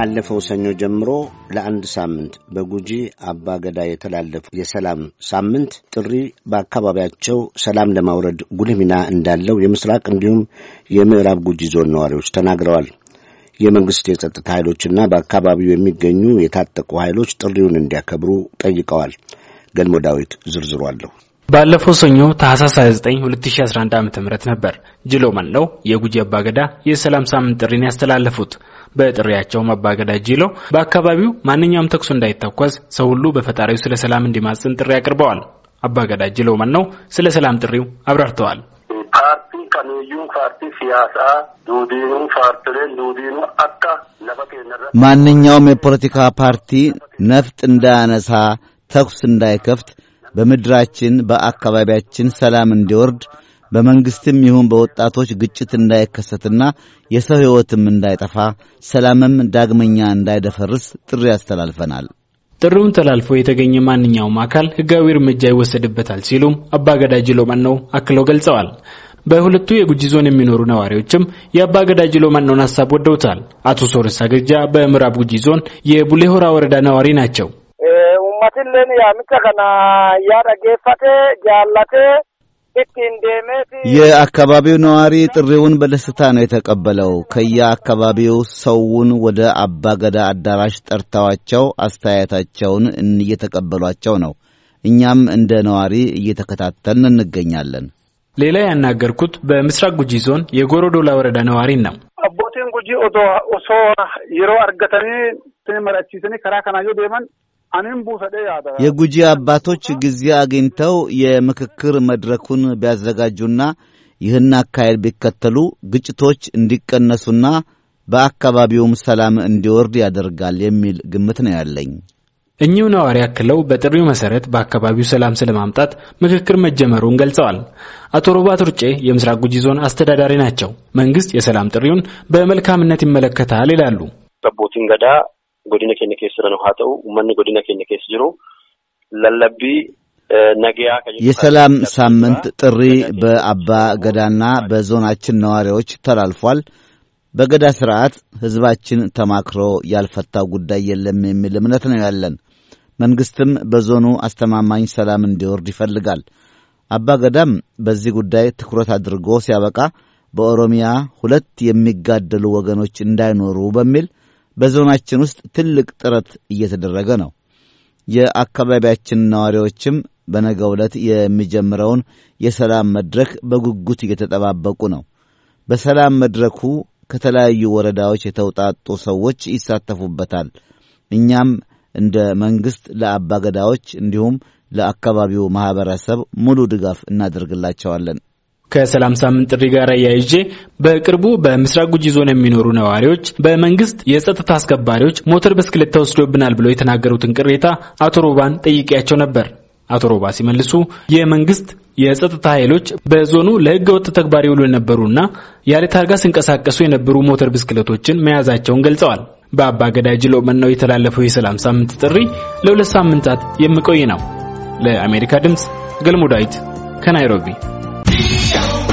ካለፈው ሰኞ ጀምሮ ለአንድ ሳምንት በጉጂ አባ ገዳ የተላለፈው የሰላም ሳምንት ጥሪ በአካባቢያቸው ሰላም ለማውረድ ጉልህ ሚና እንዳለው የምስራቅ እንዲሁም የምዕራብ ጉጂ ዞን ነዋሪዎች ተናግረዋል። የመንግሥት የጸጥታ ኃይሎችና በአካባቢው የሚገኙ የታጠቁ ኃይሎች ጥሪውን እንዲያከብሩ ጠይቀዋል። ገልሞ ዳዊት ዝርዝሩ አለሁ ባለፈው ሰኞ ታህሳስ 29 2011 ዓ.ም ነበር ጅሎ መለው የጉጂ አባገዳ የሰላም ሳምንት ጥሪን ያስተላለፉት። በጥሪያቸውም አባገዳ ጅሎ በአካባቢው ማንኛውም ተኩስ እንዳይተኮስ ሰው ሁሉ በፈጣሪው ስለ ሰላም እንዲማጽን ጥሪ አቅርበዋል። አባገዳ ጅሎ መለው ስለ ሰላም ጥሪው አብራርተዋል። ማንኛውም የፖለቲካ ፓርቲ ነፍጥ እንዳያነሳ ተኩስ እንዳይከፍት በምድራችን በአካባቢያችን ሰላም እንዲወርድ በመንግሥትም ይሁን በወጣቶች ግጭት እንዳይከሰትና የሰው ሕይወትም እንዳይጠፋ ሰላምም ዳግመኛ እንዳይደፈርስ ጥሪ አስተላልፈናል። ጥሪውን ተላልፎ የተገኘ ማንኛውም አካል ሕጋዊ እርምጃ ይወሰድበታል ሲሉም አባ ገዳጅ ሎማን ነው አክለው ገልጸዋል። በሁለቱ የጉጂ ዞን የሚኖሩ ነዋሪዎችም የአባ ገዳጅ ሎማኖን ሀሳብ ወደውታል። አቶ ሶርሳ አገጃ በምዕራብ ጉጂ ዞን የቡሌሆራ ወረዳ ነዋሪ ናቸው። Uummatilleen yaamicha kana yaada geeffatee jaallatee ittiin deemeef የአካባቢው ነዋሪ ጥሪውን በደስታ ነው የተቀበለው። ከየአካባቢው ሰውን ወደ አባገዳ አዳራሽ ጠርተዋቸው አስተያየታቸውን እየተቀበሏቸው ነው። እኛም እንደ ነዋሪ እየተከታተልን እንገኛለን። ሌላ ያናገርኩት በምስራቅ ጉጂ ዞን የጎሮዶላ ወረዳ ነዋሪን ነው። አቦቴን ጉጂ ኦቶ የሮ አርገተኒ መረቺስኒ ከራ ከናዮ ደመን የጉጂ አባቶች ጊዜ አግኝተው የምክክር መድረኩን ቢያዘጋጁና ይህን አካሄድ ቢከተሉ ግጭቶች እንዲቀነሱና በአካባቢውም ሰላም እንዲወርድ ያደርጋል የሚል ግምት ነው ያለኝ። እኚሁ ነዋሪ ያክለው በጥሪው መሰረት በአካባቢው ሰላም ስለማምጣት ምክክር መጀመሩን ገልጸዋል። አቶ ሮባት ሩጬ የምስራቅ ጉጂ ዞን አስተዳዳሪ ናቸው። መንግስት የሰላም ጥሪውን በመልካምነት ይመለከታል ይላሉ። godina keenya keessa jiran haa ta'u uummanni godina keenya keessa jiru lallabbii eh, የሰላም ሳምንት ጥሪ በአባ ገዳና በዞናችን ነዋሪዎች ተላልፏል። በገዳ ስርዓት ሕዝባችን ተማክሮ ያልፈታው ጉዳይ የለም የሚል እምነት ነው ያለን። መንግሥትም በዞኑ አስተማማኝ ሰላም እንዲወርድ ይፈልጋል። አባ ገዳም በዚህ ጉዳይ ትኩረት አድርጎ ሲያበቃ በኦሮሚያ ሁለት የሚጋደሉ ወገኖች እንዳይኖሩ በሚል በዞናችን ውስጥ ትልቅ ጥረት እየተደረገ ነው። የአካባቢያችን ነዋሪዎችም በነገ ዕለት የሚጀምረውን የሰላም መድረክ በጉጉት እየተጠባበቁ ነው። በሰላም መድረኩ ከተለያዩ ወረዳዎች የተውጣጡ ሰዎች ይሳተፉበታል። እኛም እንደ መንግሥት ለአባገዳዎች እንዲሁም ለአካባቢው ማኅበረሰብ ሙሉ ድጋፍ እናደርግላቸዋለን። ከሰላም ሳምንት ጥሪ ጋር አያይዤ በቅርቡ በምስራቅ ጉጂ ዞን የሚኖሩ ነዋሪዎች በመንግስት የጸጥታ አስከባሪዎች ሞተር ብስክሌት ተወስዶብናል ብለው የተናገሩትን ቅሬታ አቶ ሮባን ጠይቄያቸው ነበር። አቶ ሮባ ሲመልሱ የመንግስት የጸጥታ ኃይሎች በዞኑ ለህገ ወጥ ተግባር ይውሉ የነበሩና ያለ ታርጋ ሲንቀሳቀሱ የነበሩ ሞተር ብስክሌቶችን መያዛቸውን ገልጸዋል። በአባ ገዳጅ ሎመናው የተላለፈው የሰላም ሳምንት ጥሪ ለሁለት ሳምንታት የሚቆይ ነው። ለአሜሪካ ድምፅ ገልሞ ዳዊት ከናይሮቢ Radio.